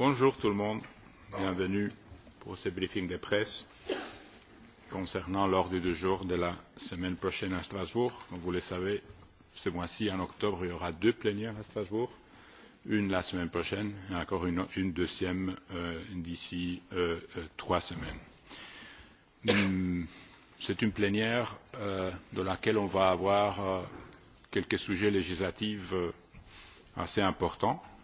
Bonjour tout le monde, bienvenue pour ce briefing de presse concernant l'ordre du jour de la semaine prochaine à Strasbourg. Comme vous le savez, ce mois-ci, en octobre, il y aura deux plénières à Strasbourg, une la semaine prochaine et encore une, une deuxième euh, d'ici euh, euh, trois semaines. Hmm. C'est une plénière euh, dans laquelle on va avoir euh, quelques sujets législatifs euh, assez importants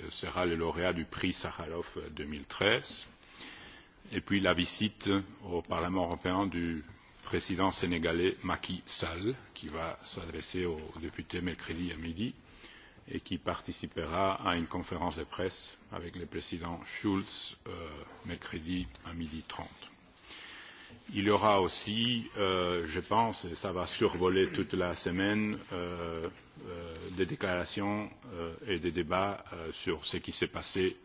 Euh, sera le lauréat du prix sakharov euh, deux mille treize et puis la visite au parlement européen du président sénégalais macky sall qui va s'adresser aux députés mercredi à midi et qui participera à une conférence de presse avec le président schulz euh, mercredi à midi trente. Il y aura aussi, je pense, et cela va survoler toute la semaine, Euh, des déclarations euh, et des débats euh, sur ce qui s'est passé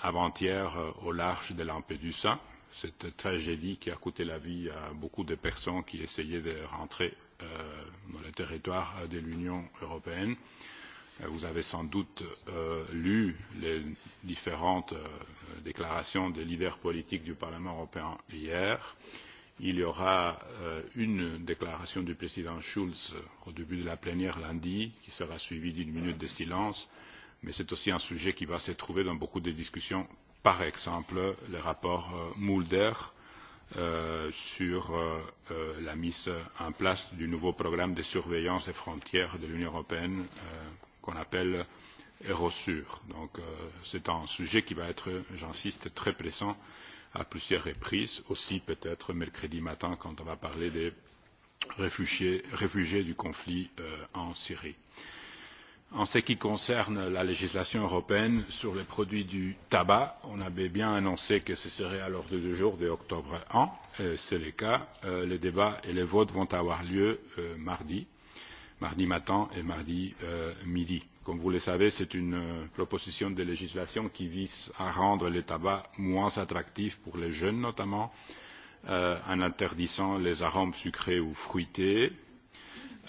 avant hier au large de lampedusa cette tragédie qui a coûté la vie à beaucoup de personnes qui essayaient de rentrer dans le territoire de l'union européenne. vous avez sans doute lu les différentes déclarations des leaders politiques du parlement européen hier il y aura euh, une déclaration du président schulz au début de la plénière lundi qui sera suivie d'une minute de silence mais c'est aussi un sujet qui va se trouver dans beaucoup de discussions par exemple le rapport euh, mulder euh, sur la mise en place du nouveau programme de surveillance des frontières de l'union européenne qu'on appelle eurosur. c'est donc un sujet qui va être j'insiste très pressant à plusieurs reprises aussi peut être mercredi matin quand on va parler des réfugiés, du conflit euh, en syrie. en ce qui concerne la législation européenne sur les produits du tabac on avait bien annoncé que ce serait à l'ordre du jour de octobre i c'est le cas. Euh, les débats et les votes vont avoir lieu euh, mardi mardi matin et mardi midi comme vous le savez c'est une euh, proposition de législation qui vise à rendre le tabac moins attractif pour les jeunes notamment euh, en interdisant les arômes sucrés ou fruités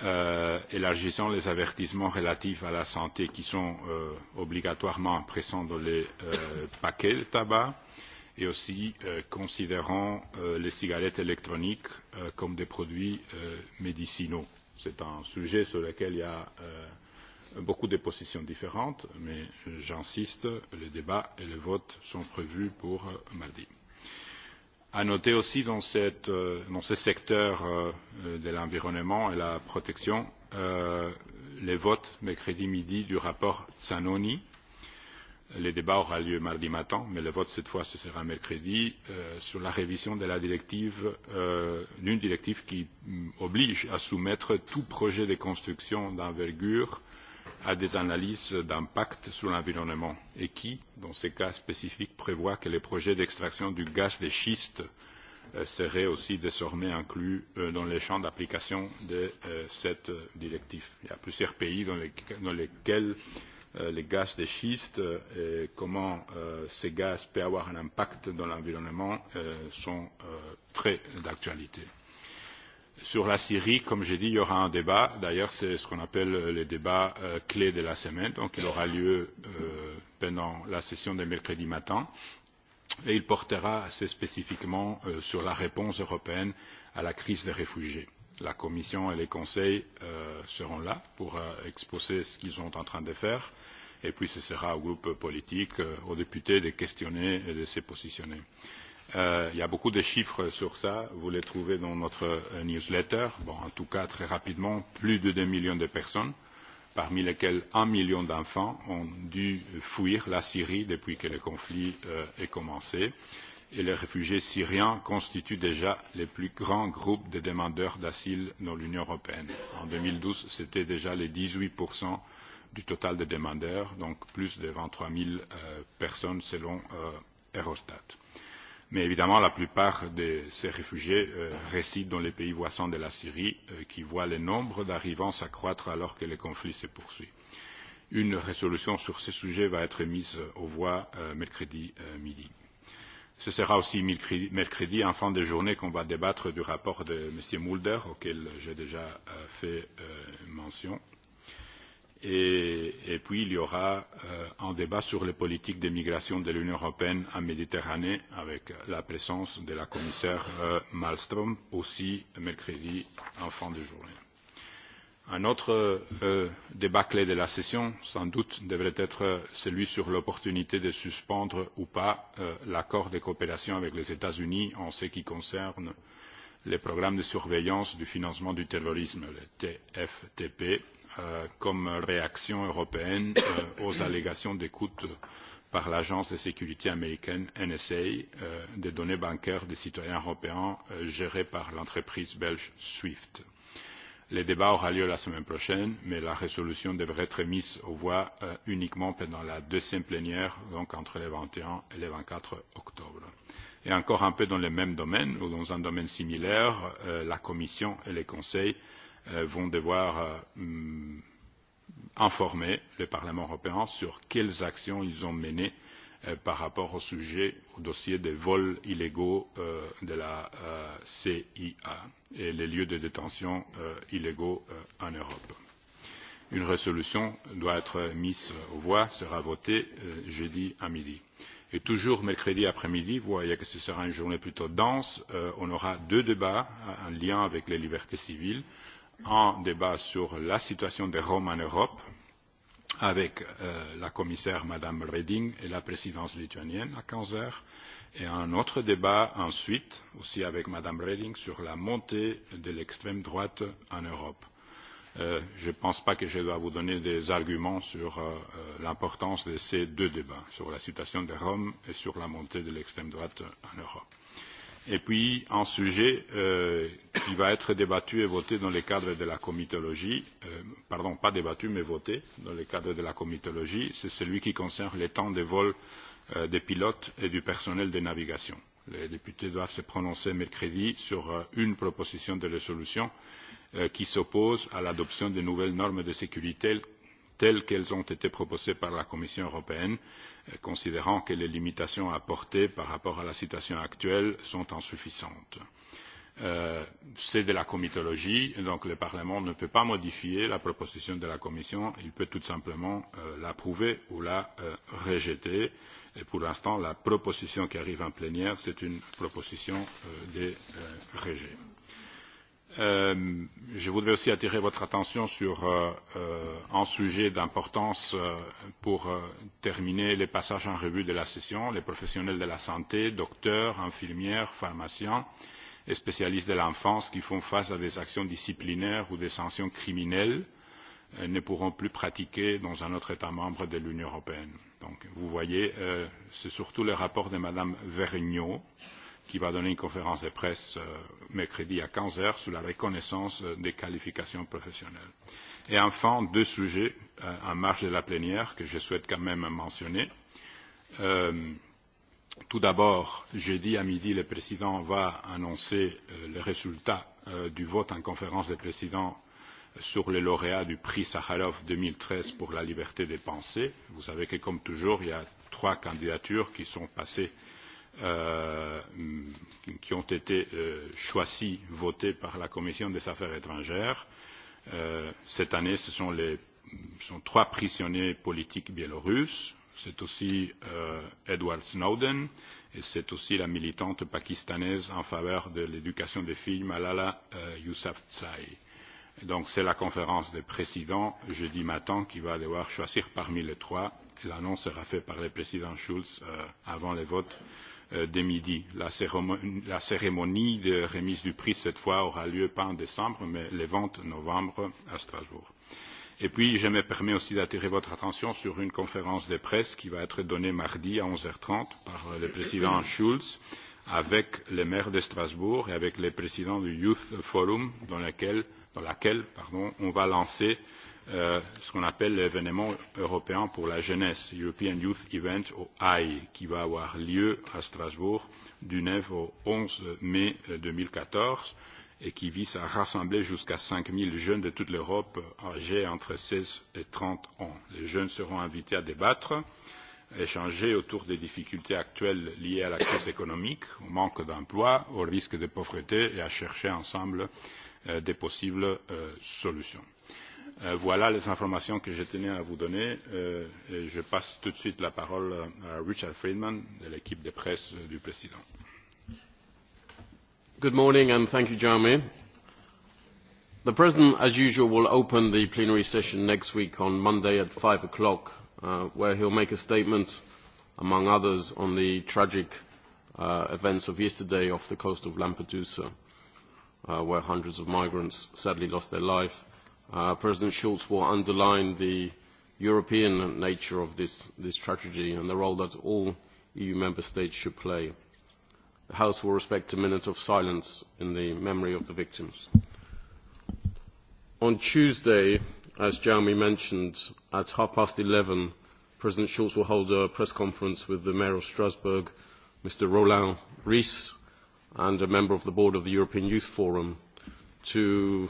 euh, élargissant les avertissements relatifs à la santé qui sont euh, obligatoirement présents dans les euh, paquets de tabac et aussi euh, considérant euh, les cigarettes électroniques euh, comme des produits euh, médicinaux. C'est un sujet sur lequel il y a euh, beaucoup de positions différentes mais j'insiste le débat et le vote sont prévus pour euh, mardi. à noter aussi dans, cette, euh, dans ce secteur euh, de l'environnement et de la protection le vote mercredi midi du rapport zanoni le débat aura lieu mardi matin mais le vote cette fois ce sera mercredi euh, sur la révision d'une directive, euh, directive qui mm, oblige à soumettre tout projet de construction d'envergure à des analyses d'impact sur l'environnement et qui dans ces cas spécifiques prévoit que les projets d'extraction du gaz de schiste euh, seraient aussi désormais inclus euh, dans le champ d'application de euh, cette directive. il y a plusieurs pays dans lesquels le gaz de schiste et comment ce gaz peut avoir un impact dans l'environnement sont très d'actualité sur la syrie comme j'ai dit il y aura un débat d'ailleurs c'est ce qu'on appelle euh, les débats euh, clés de la semaine donc il aura lieu euh, pendant la session de mercredi matin et il portera assez spécifiquement euh, sur la réponse européenne à la crise des réfugiés. la commission et les conseils euh, seront là pour euh, exposer ce qu'ils sont en train de faire et puis ce sera au groupe politique euh, aux députés de questionner et de se positionner. Euh, Euh, il y a beaucoup de chiffres sur cela Vous les trouvez dans notre euh, newsletter. en tout cas, très rapidement, plus de deux millions de personnes, parmi lesquelles un million d'enfants, ont dû fuir la Syrie depuis que le conflit a euh, commencé. Et les réfugiés syriens constituent déjà le plus grand groupe de demandeurs d'asile dans l'Union européenne. En deux mille douze c'était déjà les dix huit du total des demandeurs, donc plus de vingt trois zéro personnes selon Eurostat mais évidemment la plupart de ces réfugiés euh, résident dans les pays voisins de la syrie euh, qui voient le nombre d'arrivants s'accroître alors que le conflit se poursuit. une résolution sur ce sujet va être mise aux voix euh, mercredi euh, midi. ce sera aussi mercredi en fin de journée qu'on va débattre du rapport de m. mulder auquel j'ai déjà euh, fait euh, mention et, puis il y aura euh, un débat sur les politiques d'immigration de l'Union européenne en Méditerranée avec la présence de la commissaire euh, malmstrm aussi mercredi en fin de journée. Un autre euh, débat clé de la session, sans doute, devrait être celui sur l'opportunité de suspendre ou pas l'accord de coopération avec les États-Unis en ce qui concerne les programmes de surveillance du financement du terrorisme, le TFTP, Euh, comme réaction européenne euh, aux allégations d'écoute par l'agence de sécurité américaine NSA euh, des données bancaires des citoyens européens gérées par l'entreprise belge SWIFT. Le débat aura lieu la semaine prochaine, mais la résolution devrait être mise aux voix uniquement pendant la deuxième plénière, donc entre le 21 et le 24 octobre. Et encore un peu dans le même domaine ou dans un domaine similaire, la Commission et le Conseil Euh, vont devoir euh, informer le Parlement européen sur quelles actions ils ont menées euh, par rapport au sujet, au dossier des vols illégaux euh, de la euh, CIA et les lieux de détention euh, illégaux euh, en Europe. Une résolution doit être mise aux voix, sera votée euh, jeudi à midi. Et toujours mercredi après-midi, vous voyez que ce sera une journée plutôt dense, euh, on aura deux débats en lien avec les libertés civiles un débat sur la situation des roms en europe avec euh, la commissaire mme reding et la présidence lituanienne à quinze heures et un autre débat ensuite aussi avec mme reding sur la montée de l'extrême droite en europe. Euh, je ne pense pas que je dois vous donner des arguments sur euh, euh, l'importance de ces deux débats sur la situation des roms et sur la montée de l'extrême droite en europe et puis un sujet euh, qui va être débattu et voté dans le cadre de la comitologie euh, pardon pas débattu mais voté dans le cadre de la comitologie c'est celui qui concerne les temps de vol euh, des pilotes et du personnel de navigation. Les députés doivent se prononcer mercredi sur euh, une proposition de résolution euh, qui s'oppose à l'adoption de nouvelles normes de sécurité telles qu'elles ont été proposées par la Commission européenne, euh, considérant que les limitations apportées par rapport à la situation actuelle sont insuffisantes. Euh, C'est de la comitologie, donc le Parlement ne peut pas modifier la proposition de la Commission, il peut tout simplement euh, l'approuver ou la euh, rejeter. Et pour l'instant, la proposition qui arrive en plénière, c'est une proposition euh, des euh, régimes Euh, je voudrais aussi attirer votre attention sur euh, euh un sujet d'importance euh, pour terminer les passages en revue de la session les professionnels de la santé docteurs infirmières pharmaciens et spécialistes de l'enfance qui font face à des actions disciplinaires ou des sanctions criminelles ne pourront plus pratiquer dans un autre état membre de l'union européenne. Donc, vous voyez c'est surtout le rapport de mme vergnaud qui qui va donner une conférence de presse euh, mercredi à 15 heures sur la reconnaissance euh, des qualifications professionnelles. et enfin deux sujets euh, en marge de la plénière que je souhaite quand même mentionner. Euh, tout d'abord jeudi à midi le président va annoncer les résultats du vote en conférence des présidents sur les lauréats du prix sakharov 2013 pour la liberté des pensées. vous savez que comme toujours il y a trois candidatures qui sont passées euh, Euh, qui ont été euh, choisis votés par la commission des affaires étrangères. Euh, cette année ce sont les, sont trois prisonniers politiques biélorusses c'est aussi euh, edward snowden et c'est aussi la militante pakistanaise en faveur de l'éducation des filles malala euh, yousafzai. Et donc c'est la conférence des présidents jeudi matin qui va devoir choisir parmi les trois l'annonce sera faite par le président schulz euh, avant les votes Euh, de midi. La cérémonie, de remise du prix cette fois aura lieu pas en décembre mais le vingt novembre à strasbourg. et puis je me permets aussi d'attirer votre attention sur une conférence de presse qui va être donnée mardi à onze heures trente par le président schulz avec le maire de strasbourg et avec le président du youth forum dans laquelle, on va lancer Euh, ce qu'on appelle l'événement européen pour la jeunesse European Youth Event ou AI, qui va avoir lieu à Strasbourg du neuf au onze mai euh, deux mille quatorze et qui vise à rassembler jusqu'à cinq 000 jeunes de toute l'Europe âgés entre seize et trente ans. Les jeunes seront invités à débattre, à échanger autour des difficultés actuelles liées à la crise économique, au manque d'emploi, au risque de pauvreté et à chercher ensemble euh, des possibles euh, solutions Euh, voilà les informations que je tenais à vous donner euh, et je passe tout de suite la parole à richard friedman de l'équipe de presse du président. good morning and thank you jeremy. the president as usual will open the plenary session next week on monday at five o'clock uh, where he'll make a statement among others on the tragic uh, events of yesterday off the coast of lampedusa uh, where hundreds of migrants sadly lost their life Uh, President Schulz will underline the European nature of this, this tragedy and the role that all EU member states should play. The House will respect a minute of silence in the memory of the victims. On Tuesday, as Jeremy mentioned, at half past 11, President Schulz will hold a press conference with the Mayor of Strasbourg, Mr. Roland Ries, and a member of the board of the European Youth Forum to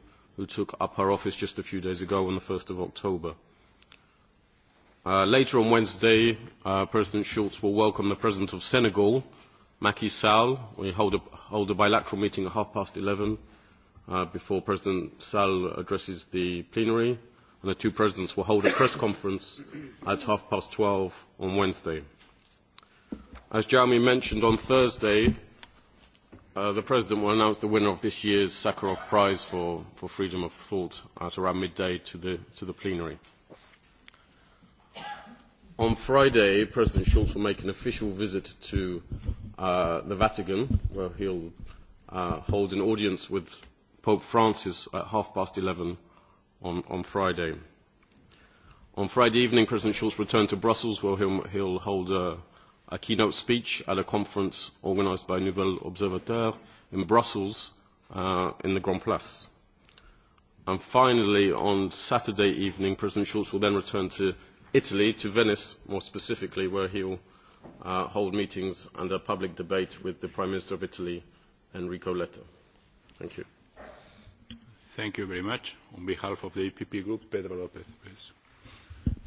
who took up her office just a few days ago on the 1st of October. Uh, later on Wednesday, uh, President Schultz will welcome the President of Senegal, Macky Sall. We hold a, hold a bilateral meeting at half past 11 uh, before President Sall addresses the plenary. And the two presidents will hold a press conference at half past 12 on Wednesday. As Jeremy mentioned, on Thursday, Uh, the President will announce the winner of this year's Sakharov Prize for, for Freedom of Thought at around midday to the, to the plenary. On Friday, President Schulz will make an official visit to uh, the Vatican, where he'll uh, hold an audience with Pope Francis at half past 11 on, on Friday. On Friday evening, President Schulz returned to Brussels, where he'll, he'll hold a a keynote speech at a conference organized by Nouvelle Observateur in Brussels uh, in the Grand Place. And finally, on Saturday evening, President Schulz will then return to Italy, to Venice more specifically, where he will uh, hold meetings and a public debate with the Prime Minister of Italy, Enrico Letta. Thank you. Thank you very much. On behalf of the EPP group, Pedro Lopez, please.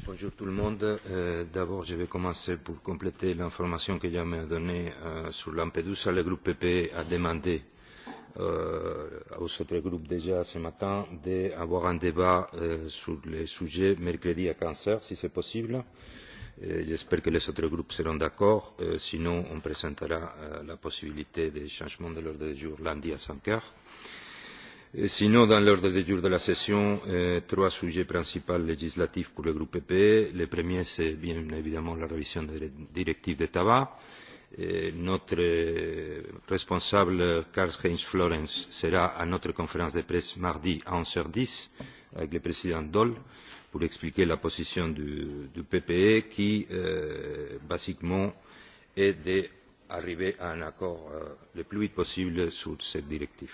Bonjour tout le monde. Euh, D'abord, je vais commencer pour compléter l'information que Yam a donnée euh, sur Lampedusa. Le groupe PP e a demandé euh, aux autres groupes déjà ce matin d'avoir un débat euh, sur le sujet mercredi à 15 si c'est possible. J'espère que les autres groupes seront d'accord. Euh, sinon, on présentera euh, la possibilité des changements de l'ordre du jour lundi à 5 heures sinon dans l'ordre du jour de la session euh, trois sujets principaux législatifs pour le groupe ppe. le premier c'est bien évidemment la révision de la directive sur le tabac. notre euh, responsable karl heinz florenz sera à notre conférence de presse mardi à onze heures dix avec le président daul pour expliquer la position du, du ppe qui euh, basiquement est d'arriver à un accord euh, le plus vite possible sur cette directive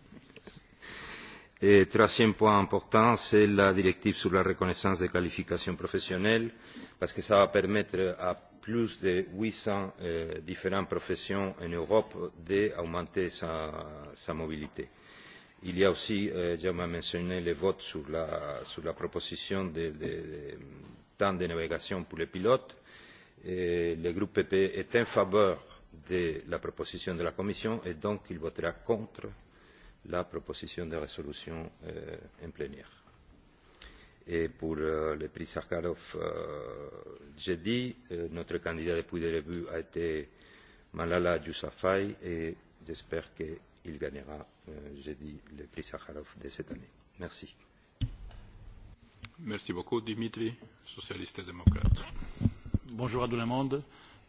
Eh, troisième point important, c'est la directive sur la reconnaissance des qualifications professionnelles, parce que cela va permettre à plus de huit cents euh, différentes professions en Europe d'augmenter leur mobilité. Il y a aussi, euh, Jaume mentionné le vote sur la, proposition de, temps de navigation pour les pilotes. le groupe ppe est en faveur de la proposition de la Commission et donc il votera contre la proposition de résolution euh, en plénière. Et eh, pour euh, le prix Sakharov, euh, j'ai dit, euh, notre candidat depuis le début a été Malala Yousafzai et j'espère qu'il gagnera, euh, j'ai dit, le prix Sakharov de cette année. Merci. Merci beaucoup, Dimitri, socialiste et démocrate. Bonjour à tout le monde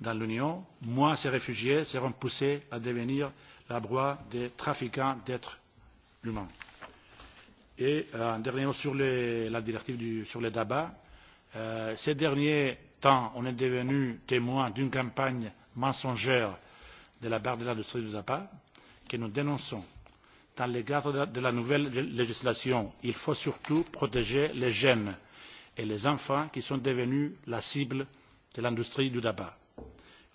dans l'Union, moins ces réfugiés seront poussés à devenir la proie des trafiquants d'êtres humains. Et euh, dernier mot sur les, la directive du, sur le tabac, euh, ces derniers temps, on est devenu témoin d'une campagne mensongère de la part de l'industrie du tabac que nous dénonçons. Dans le cadre de la nouvelle législation, il faut surtout protéger les jeunes et les enfants qui sont devenus la cible de l'industrie du tabac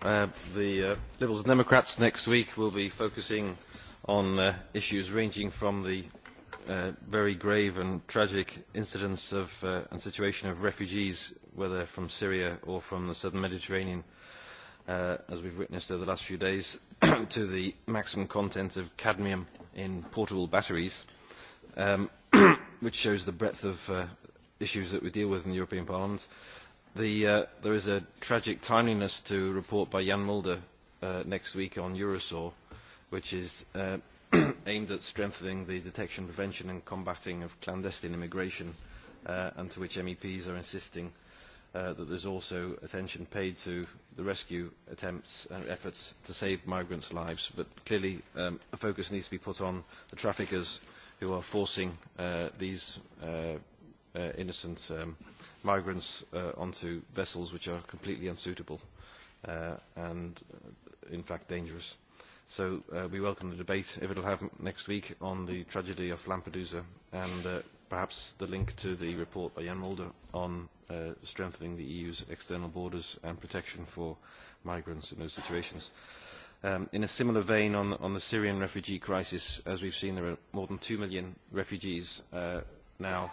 Uh, the uh, Liberals and Democrats next week will be focusing on uh, issues ranging from the uh, very grave and tragic incidents and situation of refugees, whether from Syria or from the southern Mediterranean, as we have witnessed over the last few days, to the maximum content of cadmium in portable batteries, um, which shows the breadth of that uh, issues that we deal with in the European Parliament. The, uh, there is a tragic timeliness to a report by Jan Mulder uh, next week on Eurosur, which is uh, aimed at strengthening the detection, prevention and combating of clandestine immigration, uh, and to which MEPs are insisting uh, that there's also attention paid to the rescue attempts and efforts to save migrants' lives. But clearly um, a focus needs to be put on the traffickers who are forcing uh, these uh, uh, innocent um, migrants uh, onto vessels which are completely unsuitable uh, and, uh, in fact, dangerous. So uh, we welcome the debate, if it will happen next week, on the tragedy of Lampedusa and uh, perhaps the link to the report by Jan Mulder on uh, strengthening the EU's external borders and protection for migrants in those situations. Um, in a similar vein on, on the Syrian refugee crisis, as we've seen, there are more than 2 million refugees uh, now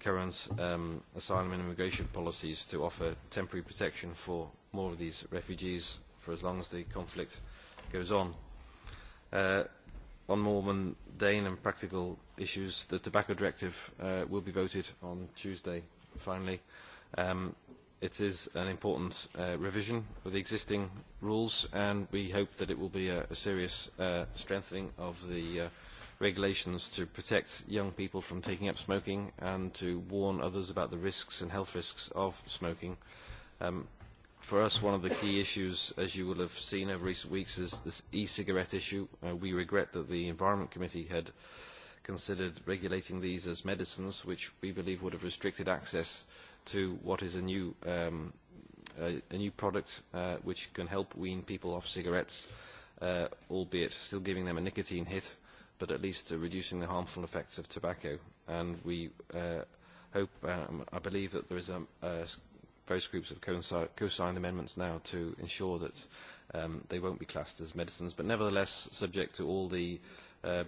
current um, asylum and immigration policies to offer temporary protection for more of these refugees for as long as the conflict goes on. Uh, on more mundane and practical issues, the tobacco directive uh, will be voted on Tuesday, finally. Um, it is an important uh, revision of the existing rules, and we hope that it will be a, a serious uh, strengthening of the uh, regulations to protect young people from taking up smoking and to warn others about the risks and health risks of smoking. Um, for us, one of the key issues, as you will have seen over recent weeks, is this e-cigarette issue. Uh, we regret that the Environment Committee had considered regulating these as medicines, which we believe would have restricted access to what is a new, um, a, a new product uh, which can help wean people off cigarettes, uh, albeit still giving them a nicotine hit but at least to reducing the harmful effects of tobacco. And we uh, hope, um, I believe that there is a, a various groups have co-signed amendments now to ensure that um, they won't be classed as medicines, but nevertheless subject to all the uh,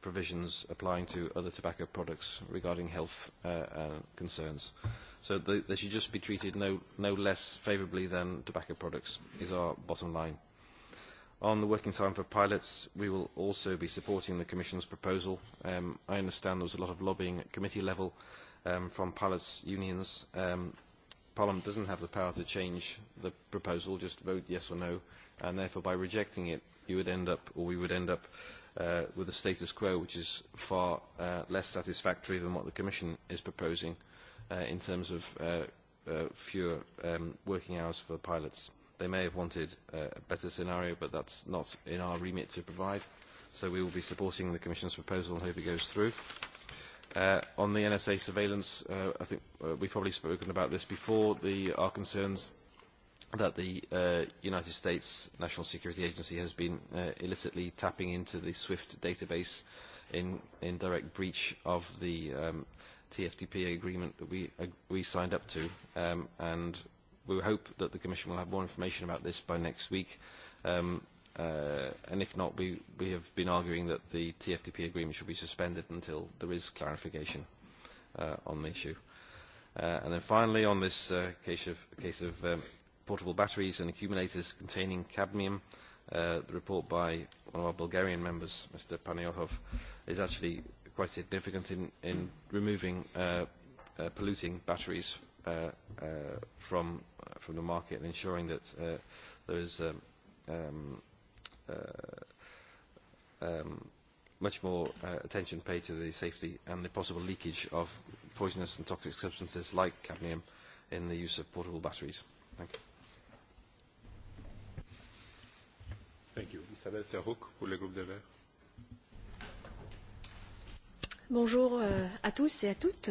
provisions applying to other tobacco products regarding health uh, uh, concerns. So they, they should just be treated no, no less favourably than tobacco products is our bottom line. On the working time for pilots, we will also be supporting the Commission's proposal. Um, I understand there was a lot of lobbying at committee level um, from pilots' unions. Um, Parliament doesn't have the power to change the proposal, just vote yes or no, and therefore by rejecting it, you would end up, or we would end up, uh, with a status quo which is far uh, less satisfactory than what the Commission is proposing uh, in terms of uh, uh, fewer um, working hours for pilots. They may have wanted a better scenario, but that's not in our remit to provide. So we will be supporting the Commission's proposal and hope it goes through. Uh, on the NSA surveillance, uh, I think uh, we've probably spoken about this before. The, our concerns that the uh, United States National Security Agency has been uh, illicitly tapping into the SWIFT database in, in direct breach of the um, TFTP agreement that we, uh, we signed up to. Um, and we hope that the Commission will have more information about this by next week. Um, uh, and if not, we, we have been arguing that the TFTP agreement should be suspended until there is clarification uh, on the issue. Uh, and then finally, on this uh, case of, case of um, portable batteries and accumulators containing cadmium, uh, the report by one of our Bulgarian members, Mr. Paniotov, is actually quite significant in, in removing uh, uh, polluting batteries uh, uh, from from the market and ensuring that uh, there is um, um, uh, um, much more uh, attention paid to the safety and the possible leakage of poisonous and toxic substances like cadmium in the use of portable batteries. Thank you. Thank you. Isabelle Serrouk pour le groupe de Verts. Bonjour euh, à tous et à toutes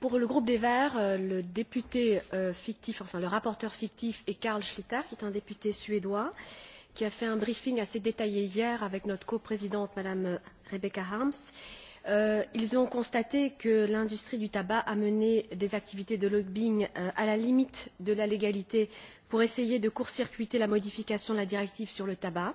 pour le groupe des verts euh, le député euh, fictif enfin le rapporteur fictif est carl schlyter qui est un député suédois qui a fait un briefing assez détaillé hier avec notre coprésidente mme rebecca harms. Euh, ils ont constaté que l'industrie du tabac a mené des activités de lobbying à la limite de la légalité pour essayer de court circuiter la modification de la directive sur le tabac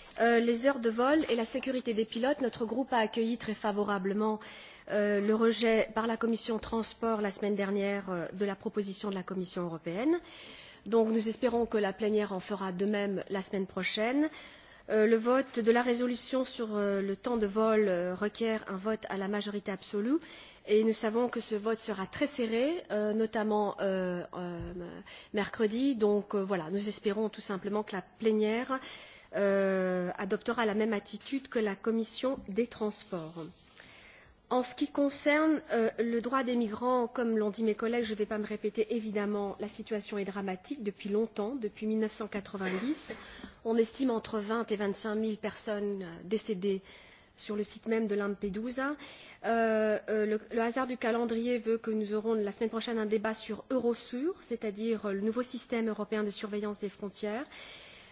Euh, les heures de vol et la sécurité des pilotes notre groupe a accueilli très favorablement euh, le rejet par la commission des transports la semaine dernière euh, de la proposition de la commission européenne. nous espérons que la plénière en fera de même la semaine prochaine. le vote de la résolution sur le temps de vol requiert un vote à la majorité absolue et nous savons que ce vote sera très serré notamment mercredi. nous espérons donc tout simplement que la plénière Euh, adoptera la même attitude que la commission des transports. En ce qui concerne euh, le droit des migrants, comme l'ont dit mes collègues, je ne vais pas me répéter, évidemment, la situation est dramatique depuis longtemps, depuis mille neuf cent quatre vingt dix On estime entre vingt et vingt cinq zéro personnes euh, décédées sur le site même de Lampedusa. Euh, le, le hasard du calendrier veut que nous aurons la semaine prochaine un débat sur Eurosur, c'est-à-dire le nouveau système européen de surveillance des frontières. Euh,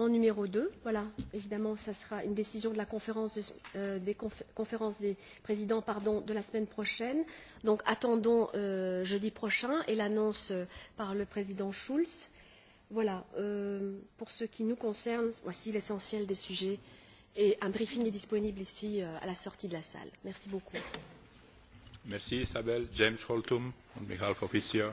en numéro deux Voilà, évidemment, ce sera une décision de la conférence, de, euh, des, confé conférence des présidents pardon, de la semaine prochaine. Donc attendons euh, jeudi prochain et l'annonce euh, par le président Schulz. Voilà, euh, pour ce qui nous concerne, voici l'essentiel des sujets et un briefing est disponible ici euh, à la sortie de la salle. Merci beaucoup. Merci Isabelle. James Holtum, on behalf of ICIA.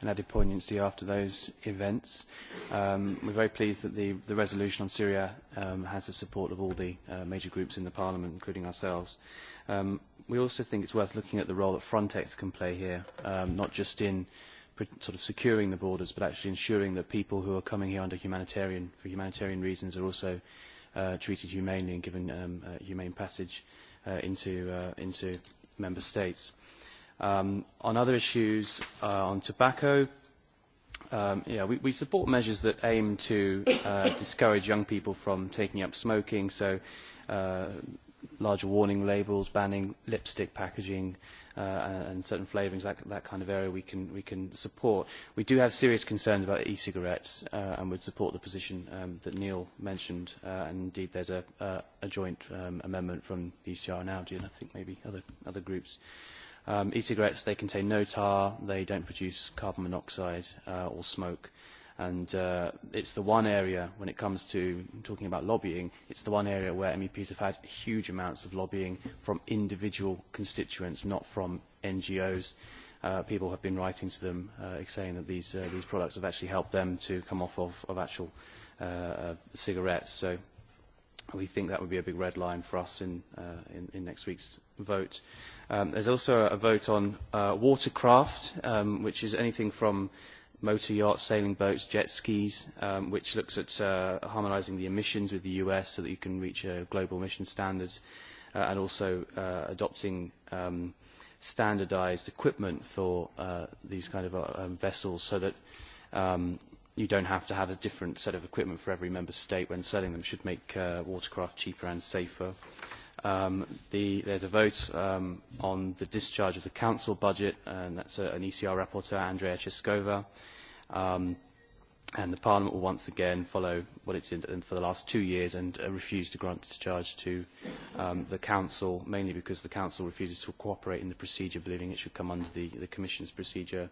and added poignancy after those events. Um, we're very pleased that the, the resolution on Syria um, has the support of all the uh, major groups in the Parliament, including ourselves. Um, we also think it's worth looking at the role that Frontex can play here, um, not just in sort of securing the borders, but actually ensuring that people who are coming here under humanitarian, for humanitarian reasons are also uh, treated humanely and given um, uh, humane passage uh, into, uh, into member states Um, on other issues, uh, on tobacco, um, yeah, we, we support measures that aim to uh, discourage young people from taking up smoking, so uh, larger warning labels, banning lipstick packaging uh, and certain flavourings, that, that kind of area we can, we can support. We do have serious concerns about e-cigarettes uh, and would support the position um, that Neil mentioned. Uh, and indeed, there's a, a joint um, amendment from the ECR and ALDE, and I think maybe other, other groups. Uh, Um, E-cigarettes, they contain no tar, they don't produce carbon monoxide uh, or smoke. And uh, it's the one area, when it comes to talking about lobbying, it's the one area where MEPs have had huge amounts of lobbying from individual constituents, not from NGOs. Uh, people have been writing to them uh, saying that these, uh, these products have actually helped them to come off of, of actual uh, uh cigarettes. So we think that would be a big red line for us in, uh, in, in next week's vote. Um, there's also a vote on uh, watercraft, um, which is anything from motor yachts, sailing boats, jet skis, um, which looks at uh, harmonising the emissions with the US so that you can reach uh, global emission standards, uh, and also uh, adopting um, standardised equipment for uh, these kind of uh, um, vessels so that um, you don't have to have a different set of equipment for every member state when selling them should make uh, watercraft cheaper and safer. Um, the, there's a vote um, on the discharge of the council budget, and that's a, an ECR rapporteur, Andrea Cheskova. Um, and the Parliament will once again follow what it did for the last two years and uh, refuse to grant discharge to um, the Council, mainly because the Council refuses to cooperate in the procedure, believing it should come under the, the Commission's procedure.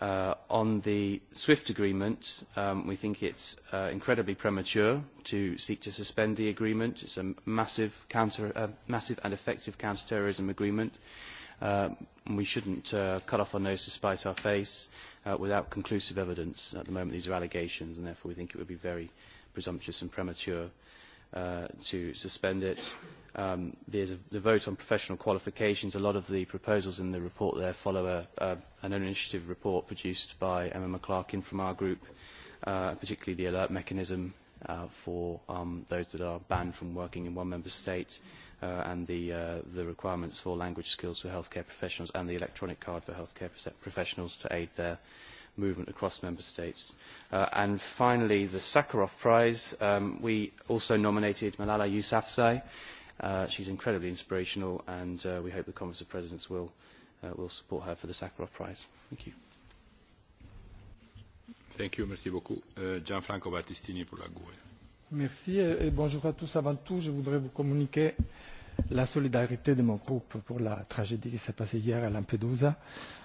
Uh, on the SWIFT agreement, um, we think it's uh, incredibly premature to seek to suspend the agreement. It's a massive, counter, uh, massive and effective counterterrorism agreement. Uh, we shouldn't uh, cut off our nose to spite our face uh, without conclusive evidence. At the moment, these are allegations, and therefore we think it would be very presumptuous and premature. Uh, Uh, to suspend it. Um, there's a, the vote on professional qualifications. A lot of the proposals in the report there follow a, uh, an initiative report produced by Emma McClarkin from our group, uh, particularly the alert mechanism uh, for um, those that are banned from working in one member state uh, and the, uh, the requirements for language skills for healthcare professionals and the electronic card for healthcare professionals to aid their movement across member states. Uh, and finally, the Sakharov Prize. Um, we also nominated Malala Yousafzai. Uh, she's incredibly inspirational, and uh, we hope the Conference of Presidents will, uh, will support her for the Sakharov Prize. Thank you. Thank you, merci beaucoup. Uh, Gianfranco Battistini pour la GUE. Merci et bonjour à tous. Avant tout, je voudrais vous communiquer la solidarité de mon groupe pour la tragédie qui s'est passée hier à Lampedusa.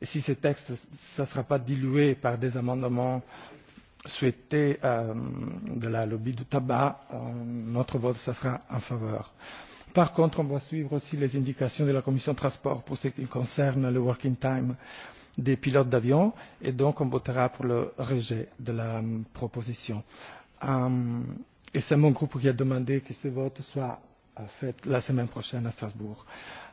et si ce texte ne sera pas dilué par des amendements souhaités euh, de la lobby du tabac, euh, notre vote ça sera en faveur. Par contre, on va suivre aussi les indications de la commission de transport pour ce qui concerne le working time des pilotes d'avion et donc on votera pour le rejet de la euh, proposition. Euh, et c'est mon groupe qui a demandé que ce vote soit faite la semaine prochaine à Strasbourg.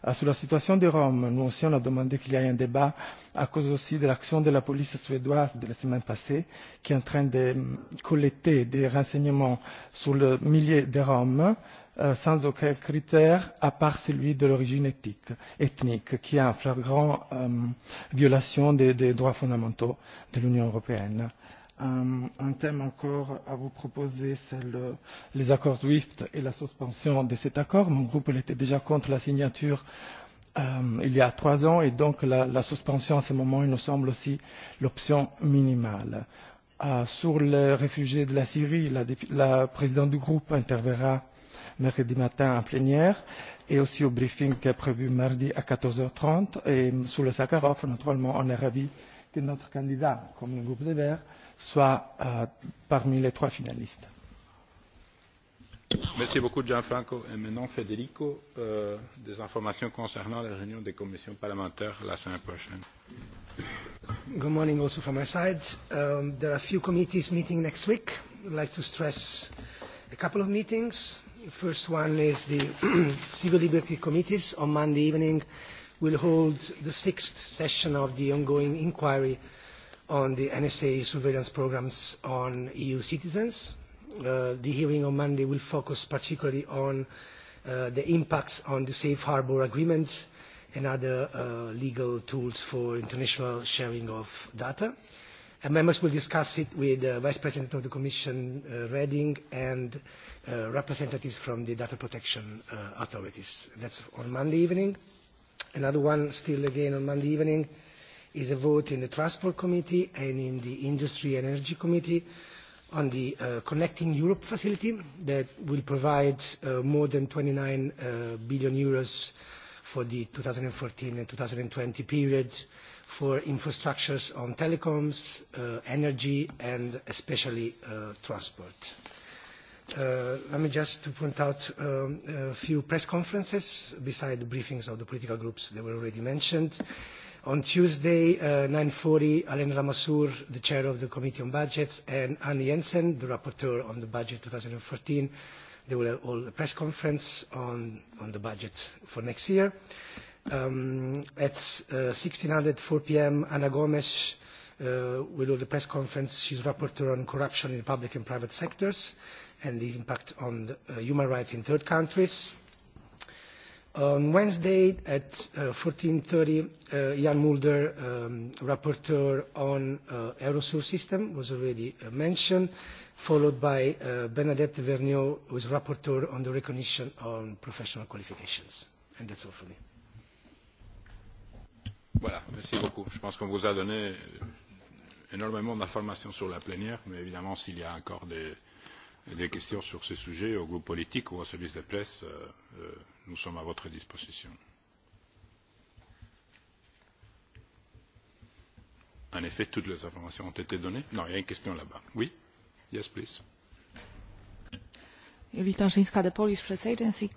Euh, sur la situation des Roms, nous aussi on a demandé qu'il y ait un débat à cause aussi de l'action de la police suédoise de la semaine passée qui est en train de euh, collecter des renseignements sur le millier de Roms euh, sans aucun critère à part celui de l'origine ethnique, ethnique qui est en flagrant euh, violation des, des droits fondamentaux de l'Union européenne. Euh, un, euh, un thème encore à vous proposer, c'est le, les accords SWIFT et la suspension de cet accord. Mon groupe il était déjà contre la signature euh, il y a trois ans et donc la, la suspension à ce moment il nous semble aussi l'option minimale. Euh, sur les réfugiés de la Syrie, la, la présidente du groupe interverra mercredi matin en plénière et aussi au briefing qui est prévu mardi à 14h30. Et sur le Sakharov, naturellement, on est ravis euh, que notre candidat, comme le groupe des Verts, soit euh, parmi les trois finalistes. Merci beaucoup, Gianfranco. Et maintenant, Federico, euh, des informations concernant la réunion des commissions parlementaires la semaine prochaine. Good morning also from my side. Um, there are a few committees meeting next week. I'd like to stress a couple of meetings. The first one is the Civil Liberty Committees on Monday evening will hold the sixth session of the ongoing inquiry on the NSA surveillance programs on EU citizens. Uh, the hearing on Monday will focus particularly on uh, the impacts on the safe harbour agreements and other uh, legal tools for international sharing of data. And members will discuss it with uh, Vice President of the Commission uh, Reading and uh, representatives from the data protection uh, authorities. That's on Monday evening. Another one, still again on Monday evening, is a vote in the Transport Committee and in the Industry and Energy Committee on the uh, Connecting Europe facility that will provide uh, more than 29 uh, billion euros for the 2014 and 2020 period for infrastructures on telecoms, uh, energy and especially uh, transport. Uh, let me just to point out um, a few press conferences beside the briefings of the political groups that were already mentioned. On Tuesday, uh, 9.40, Alain Ramassour, the chair of the Committee on Budgets, and Anne Jensen, the rapporteur on the budget 2014, they will have all a press conference on, on the budget for next year. Um, at uh, 16.04 p.m., Anna Gomes uh, will do the press conference. She's rapporteur on corruption in the public and private sectors and the impact on the, uh, human rights in third countries. On Wednesday at 14.30, uh, Jan uh, Mulder, um, rapporteur on uh, Eurosur system, was already uh, mentioned, followed by uh, Bernadette Vergniaud, who is rapporteur on the recognition on professional qualifications. And that's all for me. Voilà, merci beaucoup. Je pense qu'on vous a donné euh, énormément d'informations sur la plénière, mais évidemment, s'il y a encore des, des questions sur ce sujet aux groupes politiques ou aux services de presse euh, euh, nous sommes à votre disposition. En effet, toutes les informations ont été données. Non, il y a une question là-bas. Oui Yes, please. Julita Żyńska, The Polish Press Agency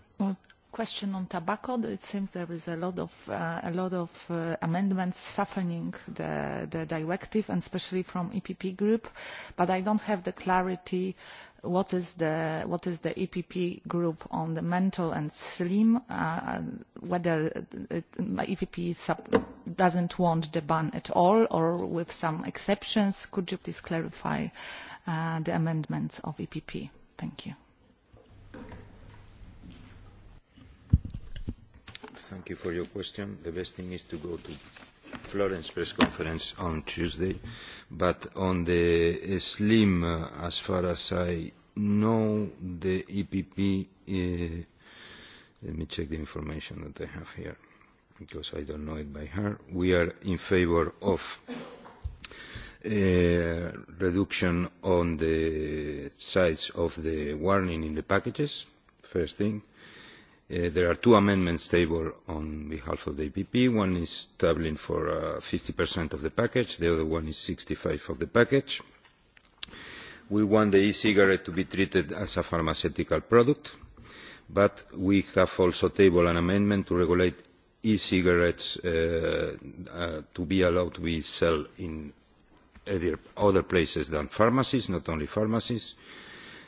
question on tobacco, it seems there is a lot of, uh, a lot of uh, amendments softening the, the directive, and especially from EPP group, but I don't have the clarity what is the, what is the EPP group on the mental and slim, uh, whether it, EPP sub doesn't want the ban at all or with some exceptions. Could you please clarify uh, the amendments of EPP? Thank you. Thank you for your question. The best thing is to go to Florence press conference on Tuesday, but on the slim, uh, as far as I know, the EPP, uh, let me check the information that I have here, because I don't know it by heart. We are in favor of uh, reduction on the size of the warning in the packages, first thing. Uh, there are two amendments tabled on behalf of the epp one is tabling for uh, fifty of the package the other one is sixty five of the package. we want the e cigarette to be treated as a pharmaceutical product but we have also tabled an amendment to regulate e cigarettes uh, uh, to be allowed to be sold in other places than pharmacies not only pharmacies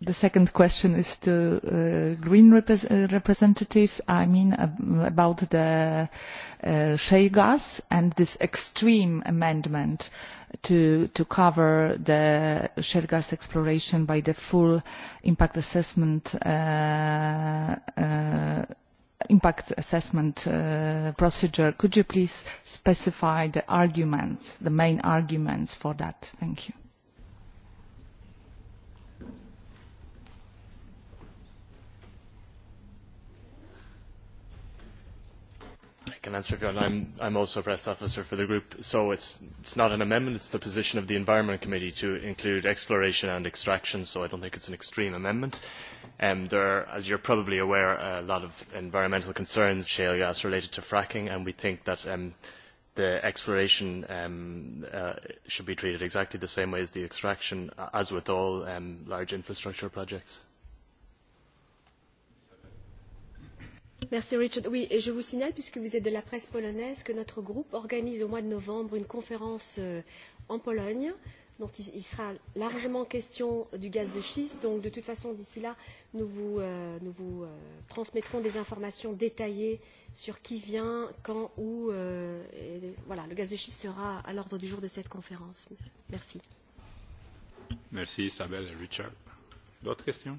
the second question is to uh, green repres uh, representatives i mean uh, about the uh, shale gas and this extreme amendment to, to cover the shale gas exploration by the full impact assessment uh, uh, impact assessment uh, procedure could you please specify the arguments the main arguments for that thank you can answer if you want. I'm, I'm also a press officer for the group, so it's, it's not an amendment, it's the position of the Environment Committee to include exploration and extraction, so I don't think it's an extreme amendment. Um, there are, as you're probably aware, a lot of environmental concerns, shale gas related to fracking, and we think that um, the exploration um, uh, should be treated exactly the same way as the extraction, as with all um, large infrastructure projects. Merci Richard. Oui, et je vous signale, puisque vous êtes de la presse polonaise, que notre groupe organise au mois de novembre une conférence euh, en Pologne dont il sera largement question du gaz de schiste. Donc, de toute façon, d'ici là, nous vous, euh, euh, transmettrons des informations détaillées sur qui vient, quand, où. et, voilà, le gaz de schiste sera à l'ordre du jour de cette conférence. Merci. Merci Isabelle et Richard. D'autres questions